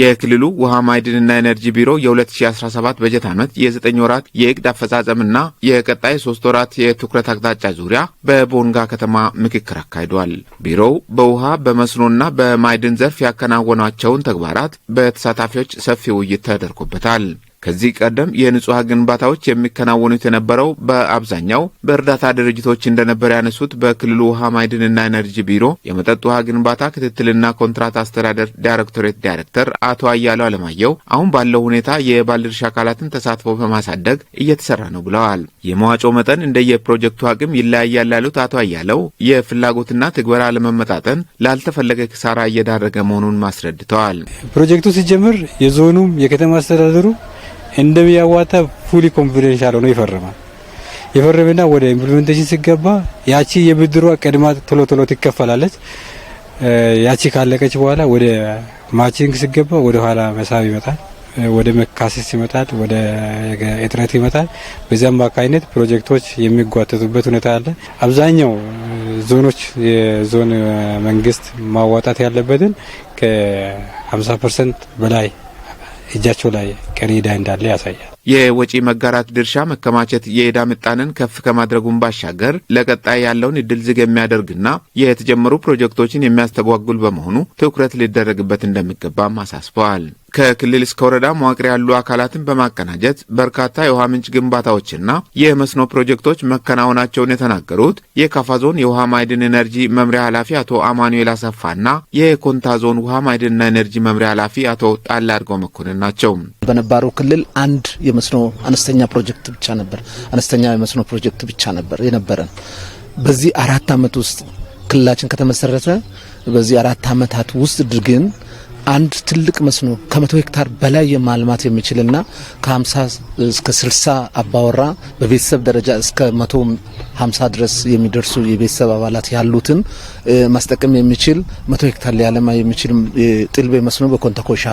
የክልሉ ውሃ ማዕድንና ኤነርጂ ቢሮ የ2017 በጀት ዓመት የ9 ወራት የእቅድ አፈጻጸምና የቀጣይ 3 ወራት የትኩረት አቅጣጫ ዙሪያ በቦንጋ ከተማ ምክክር አካሂዷል። ቢሮው በውሃ በመስኖና በማዕድን ዘርፍ ያከናወኗቸውን ተግባራት በተሳታፊዎች ሰፊ ውይይት ተደርጎበታል። ከዚህ ቀደም የንጹሐ ግንባታዎች የሚከናወኑት የነበረው በአብዛኛው በእርዳታ ድርጅቶች እንደነበር ያነሱት በክልሉ ውሃ ማዕድንና ኤነርጂ ቢሮ የመጠጥ ውሃ ግንባታ ክትትልና ኮንትራት አስተዳደር ዳይሬክቶሬት ዳይሬክተር አቶ አያሉ አለማየሁ አሁን ባለው ሁኔታ የባለድርሻ አካላትን ተሳትፎ በማሳደግ እየተሰራ ነው ብለዋል። የመዋጮ መጠን እንደየፕሮጀክቱ አቅም ይለያያል ያሉት አቶ አያለው የፍላጎትና ትግበራ ለመመጣጠን ላልተፈለገ ክሳራ እየዳረገ መሆኑን ማስረድተዋል። ፕሮጀክቱ ሲጀምር የዞኑም የከተማ አስተዳደሩ እንደሚያዋጣ ፉሊ ኮንፊደንሻል ሆኖ ይፈርማል። የፈረመና ወደ ኢምፕሊመንቴሽን ሲገባ ያቺ የብድሯ ቅድማ ቶሎ ቶሎ ትከፈላለች። ያቺ ካለቀች በኋላ ወደ ማቺንግ ሲገባ ወደ ኋላ መሳብ ይመጣል፣ ወደ መካሰስ ይመጣል፣ ወደ እጥረት ይመጣል። በዚህ አማካኝነት ፕሮጀክቶች የሚጓተቱበት ሁኔታ አለ። አብዛኛው ዞኖች የዞን መንግስት ማዋጣት ያለበትን ከ50 ፐርሰንት በላይ እጃቸው ላይ ቀሪ እንዳለ ያሳያል። የወጪ መጋራት ድርሻ መከማቸት የዕዳ ምጣንን ከፍ ከማድረጉን ባሻገር ለቀጣይ ያለውን እድል ዝግ የሚያደርግና የተጀመሩ ፕሮጀክቶችን የሚያስተጓጉል በመሆኑ ትኩረት ሊደረግበት እንደሚገባም አሳስበዋል። ከክልል እስከ ወረዳ መዋቅር ያሉ አካላትን በማቀናጀት በርካታ የውሃ ምንጭ ግንባታዎችና የመስኖ ፕሮጀክቶች መከናወናቸውን የተናገሩት የካፋ ዞን የውሃ ማዕድን ኤነርጂ መምሪያ ኃላፊ አቶ አማኑኤል አሰፋና የኮንታ ዞን ውሃ ማዕድንና ኤነርጂ መምሪያ ኃላፊ አቶ ጣላ አድርገው መኮንን ናቸው። በነባሩ ክልል አንድ የመስኖ አነስተኛ ፕሮጀክት ብቻ ነበር አነስተኛ የመስኖ ፕሮጀክት ብቻ ነበር የነበረን። በዚህ አራት አመት ውስጥ ክልላችን ከተመሰረተ በዚህ አራት አመታት ውስጥ ግን አንድ ትልቅ መስኖ ከመቶ ሄክታር በላይ የማልማት የሚችልና ከ50 እስከ 60 አባወራ በቤተሰብ ደረጃ እስከ 150 ድረስ የሚደርሱ የቤተሰብ አባላት ያሉትን ማስጠቀም የሚችል መቶ ሄክታር ሊያለማ የሚችል ጥልቤ መስኖ በኮንተኮሻ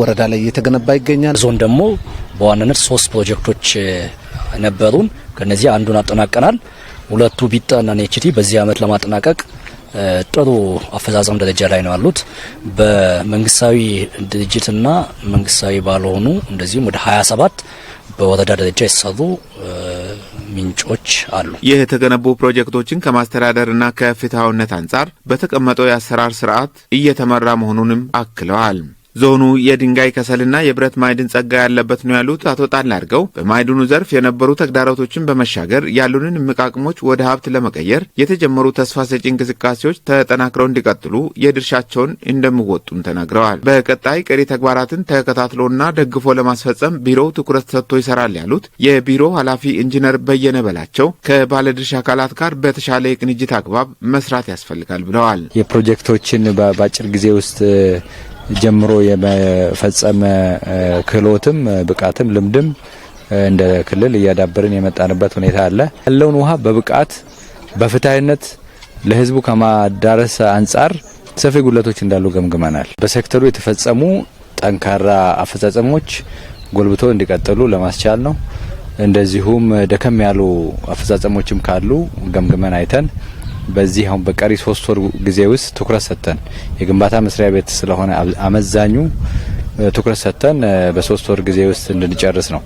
ወረዳ ላይ እየተገነባ ይገኛል። ዞን ደግሞ በዋናነት ሶስት ፕሮጀክቶች ነበሩን። ከነዚህ አንዱን አጠናቀናል። ሁለቱ ቢጠናን ኤችቲ በዚህ አመት ለማጠናቀቅ ጥሩ አፈጻጸም ደረጃ ላይ ነው ያሉት። በመንግስታዊ ድርጅትና መንግስታዊ ባልሆኑ እንደዚሁም ወደ 27 በወረዳ ደረጃ የተሰሩ ምንጮች አሉ። ይህ የተገነቡ ፕሮጀክቶችን ከማስተዳደርና ከፍትሐዊነት አንጻር በተቀመጠው የአሰራር ስርዓት እየተመራ መሆኑንም አክለዋል። ዞኑ የድንጋይ ከሰልና የብረት ማዕድን ጸጋ ያለበት ነው ያሉት አቶ ጣል አድርገው በማዕድኑ ዘርፍ የነበሩ ተግዳሮቶችን በመሻገር ያሉንን እምቅ አቅሞች ወደ ሀብት ለመቀየር የተጀመሩ ተስፋ ሰጪ እንቅስቃሴዎች ተጠናክረው እንዲቀጥሉ የድርሻቸውን እንደሚወጡም ተናግረዋል። በቀጣይ ቀሪ ተግባራትን ተከታትሎና ደግፎ ለማስፈጸም ቢሮው ትኩረት ሰጥቶ ይሰራል ያሉት የቢሮው ኃላፊ ኢንጂነር በየነ በላቸው ከባለድርሻ አካላት ጋር በተሻለ የቅንጅት አግባብ መስራት ያስፈልጋል ብለዋል። የፕሮጀክቶችን በአጭር ጊዜ ውስጥ ጀምሮ የመፈጸመ ክህሎትም ብቃትም ልምድም እንደ ክልል እያዳበርን የመጣንበት ሁኔታ አለ። ያለውን ውሃ በብቃት በፍትሐዊነት ለህዝቡ ከማዳረስ አንጻር ሰፊ ጉለቶች እንዳሉ ገምግመናል። በሴክተሩ የተፈጸሙ ጠንካራ አፈጻጸሞች ጎልብቶ እንዲቀጥሉ ለማስቻል ነው። እንደዚሁም ደከም ያሉ አፈጻጸሞችም ካሉ ገምግመን አይተን በዚህ አሁን በቀሪ ሶስት ወር ጊዜ ውስጥ ትኩረት ሰጥተን የግንባታ መስሪያ ቤት ስለሆነ አመዛኙ ትኩረት ሰጥተን በሶስት ወር ጊዜ ውስጥ እንድንጨርስ ነው።